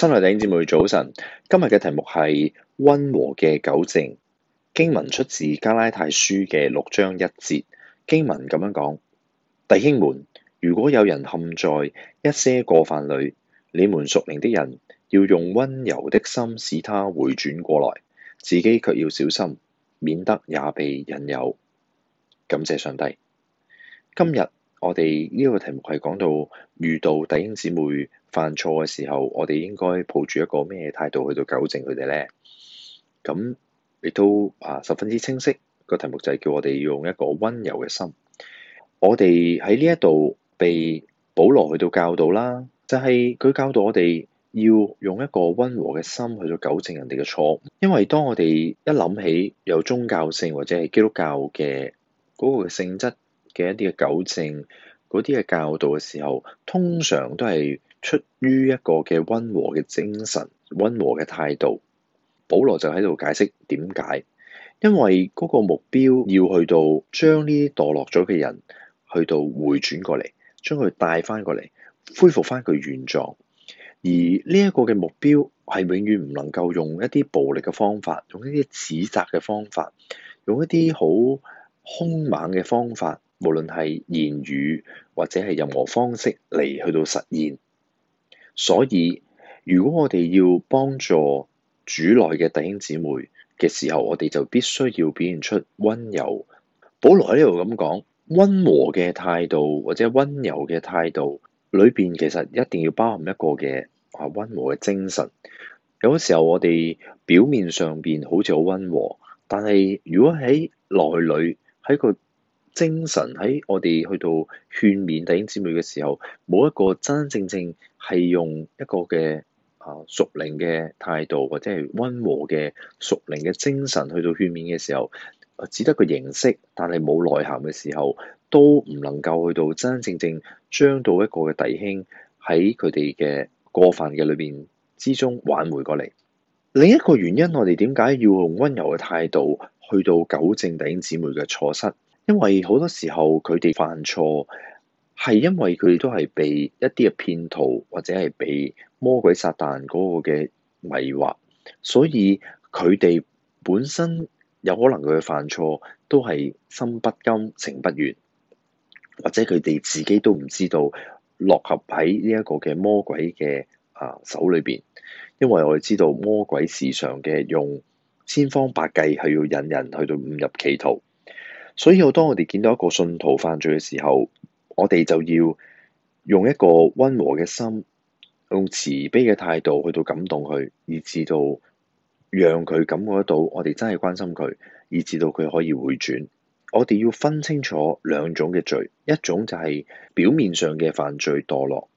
新來弟兄姊妹早晨，今日嘅題目係溫和嘅糾正。經文出自加拉太書嘅六章一節。經文咁樣講：弟兄們，如果有人陷在一些過犯裏，你們屬靈的人要用溫柔的心使他回轉過來，自己却要小心，免得也被引誘。感謝上帝。今日我哋呢個題目係講到遇到弟兄姊妹。犯錯嘅時候，我哋應該抱住一個咩態度去到糾正佢哋呢？咁亦都啊十分之清晰。這個題目就係叫我哋用一個溫柔嘅心。我哋喺呢一度被保羅去到教導啦，就係、是、佢教導我哋要用一個溫和嘅心去到糾正人哋嘅錯，因為當我哋一諗起有宗教性或者係基督教嘅嗰、那個性質嘅一啲嘅糾正嗰啲嘅教導嘅時候，通常都係、出於一個嘅溫和嘅精神、溫和嘅態度，保羅就喺度解釋點解，因為嗰個目標要去到將呢啲墮落咗嘅人去到回轉過嚟，將佢帶翻過嚟，恢復翻佢原狀。而呢一個嘅目標係永遠唔能夠用一啲暴力嘅方法，用一啲指責嘅方法，用一啲好兇猛嘅方法，無論係言語或者係任何方式嚟去到實現。所以，如果我哋要幫助主內嘅弟兄姊妹嘅時候，我哋就必須要表現出溫柔。保羅喺呢度咁講，溫和嘅態度或者溫柔嘅態度，裏邊其實一定要包含一個嘅啊溫和嘅精神。有啲時候我哋表面上邊好似好溫和，但係如果喺內裏喺個。精神，喺我哋去到勸勉弟兄姊妹嘅時候，冇一個真真正正係用一個嘅啊屬靈嘅態度，或者係溫和嘅屬靈嘅精神去到勸勉嘅時候，只得個形式，但係冇內涵嘅時候，都唔能夠去到真真正正將到一個嘅弟兄喺佢哋嘅過犯嘅裏邊之中挽回過嚟。另一個原因，我哋點解要用溫柔嘅態度去到糾正弟兄姊妹嘅錯失？因為好多時候佢哋犯錯，係因為佢哋都係被一啲嘅騙徒或者係被魔鬼撒旦嗰個嘅迷惑，所以佢哋本身有可能佢犯錯，都係心不甘情不願，或者佢哋自己都唔知道落合喺呢一個嘅魔鬼嘅啊手裏邊，因為我哋知道魔鬼時常嘅用千方百計係要引人去到誤入歧途。所以，我當我哋見到一個信徒犯罪嘅時候，我哋就要用一個温和嘅心，用慈悲嘅態度去到感動佢，以至到讓佢感覺到我哋真係關心佢，以至到佢可以回轉。我哋要分清楚兩種嘅罪，一種就係表面上嘅犯罪墮落，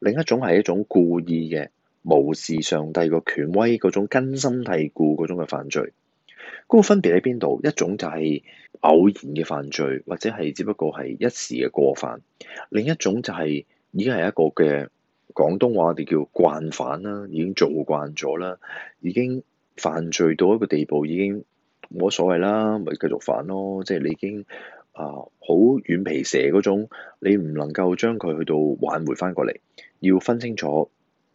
另一種係一種故意嘅無視上帝個權威嗰種根深蒂固嗰種嘅犯罪。個分別喺邊度？一種就係偶然嘅犯罪，或者係只不過係一時嘅過犯；另一種就係已經係一個嘅廣東話，我哋叫慣犯啦，已經做慣咗啦，已經犯罪到一個地步，已經冇乜所謂啦，咪繼續犯咯。即係你已經啊，好、呃、軟皮蛇嗰種，你唔能夠將佢去到挽回翻過嚟，要分清楚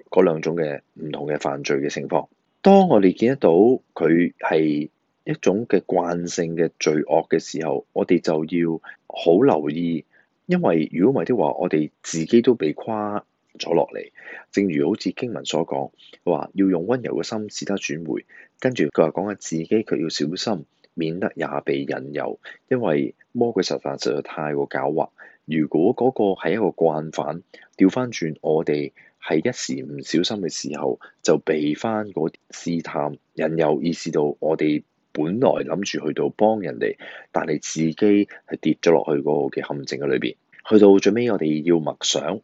嗰兩種嘅唔同嘅犯罪嘅情況。當我哋見得到佢係一種嘅慣性嘅罪惡嘅時候，我哋就要好留意，因為如果唔係的話，我哋自己都被誇咗落嚟。正如好似經文所講，話要用溫柔嘅心使他轉回。跟住佢話講下自己，佢要小心，免得也被引誘。因為魔鬼實在實在太過狡猾。如果嗰個係一個慣犯，調翻轉我哋係一時唔小心嘅時候，就被翻嗰啲試探、引誘，意識到我哋。本來諗住去到幫人哋，但你自己係跌咗落去嗰個嘅陷阱嘅裏邊，去到最尾我哋要默想，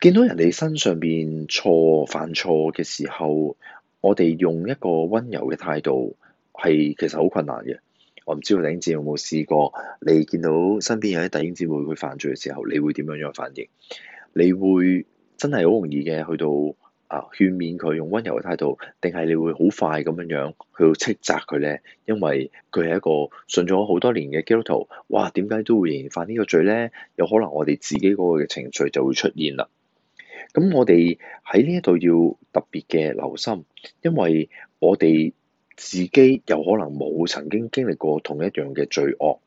見到人哋身上邊錯犯錯嘅時候，我哋用一個温柔嘅態度，係其實好困難嘅。我唔知道弟兄姊妹有冇試過，你見到身邊有啲弟兄姊妹會犯罪嘅時候，你會點樣樣反應？你會真係好容易嘅去到。啊！勸勉佢用溫柔嘅態度，定係你會好快咁樣樣去斥責佢呢？因為佢係一個信咗好多年嘅基督徒，哇！點解都會犯呢個罪呢？有可能我哋自己嗰個嘅情緒就會出現啦。咁我哋喺呢一度要特別嘅留心，因為我哋自己有可能冇曾經經歷過同一樣嘅罪惡。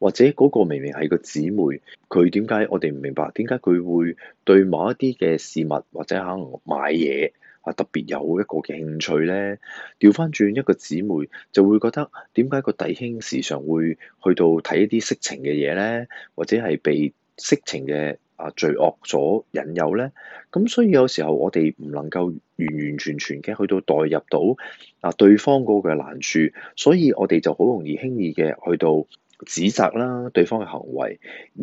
或者嗰個明明係個姊妹，佢點解我哋唔明白？點解佢會對某一啲嘅事物，或者可能買嘢啊特別有一個嘅興趣呢？調翻轉一個姊妹就會覺得點解個弟兄時常會去到睇一啲色情嘅嘢呢？或者係被色情嘅啊罪惡所引誘呢？咁所以有時候我哋唔能夠完完全全嘅去到代入到啊對方嗰個難處，所以我哋就好容易輕易嘅去到。指責啦，對方嘅行為，而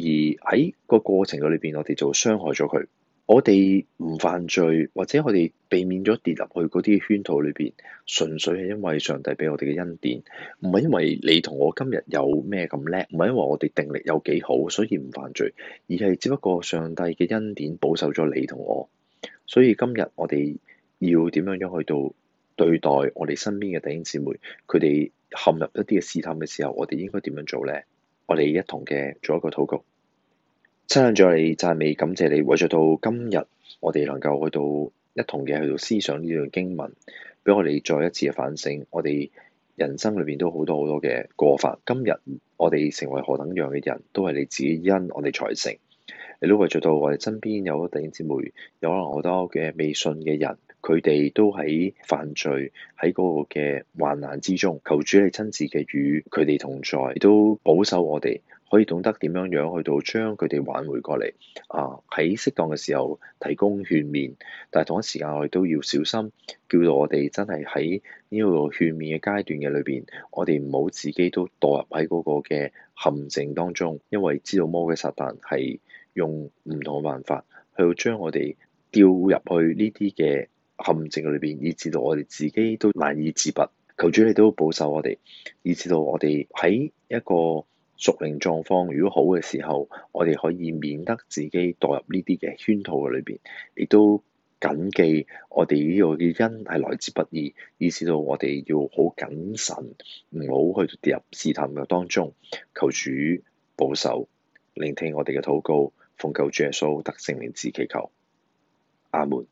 喺個過程裏邊，我哋就傷害咗佢。我哋唔犯罪，或者我哋避免咗跌入去嗰啲圈套裏邊，純粹係因為上帝俾我哋嘅恩典，唔係因為你同我今日有咩咁叻，唔係因為我哋定力有幾好，所以唔犯罪，而係只不過上帝嘅恩典保守咗你同我。所以今日我哋要點樣樣去到對待我哋身邊嘅弟兄姊妹，佢哋陷入一啲嘅試探嘅時候，我哋應該點樣做咧？我哋一同嘅做一個禱告，親近住我哋讚美感謝你，為著到今日，我哋能夠去到一同嘅去到思想呢段經文，俾我哋再一次嘅反省。我哋人生裏邊都好多好多嘅過犯，今日我哋成為何等樣嘅人，都係你自己因我哋才成。你都為著到我哋身邊有弟兄姊妹，有可能好多嘅未信嘅人。佢哋都喺犯罪喺嗰個嘅患難之中，求主你親自嘅與佢哋同在，都保守我哋可以懂得點樣樣去到將佢哋挽回過嚟啊！喺適當嘅時候提供勸勉，但係同一時間我哋都要小心，叫到我哋真係喺呢個勸勉嘅階段嘅裏邊，我哋唔好自己都墮入喺嗰個嘅陷阱當中，因為知道魔鬼撒旦係用唔同嘅辦法去將我哋掉入去呢啲嘅。陷阱裏邊，以致到我哋自己都難以自拔。求主你都保守我哋，以致到我哋喺一個屬靈狀況如果好嘅時候，我哋可以免得自己墮入呢啲嘅圈套嘅裏邊，亦都謹記我哋呢個嘅恩係來之不易，以致到我哋要好謹慎，唔好去跌入試探嘅當中。求主保守，聆聽我哋嘅禱告，奉求主耶穌得聖靈自己求。阿門。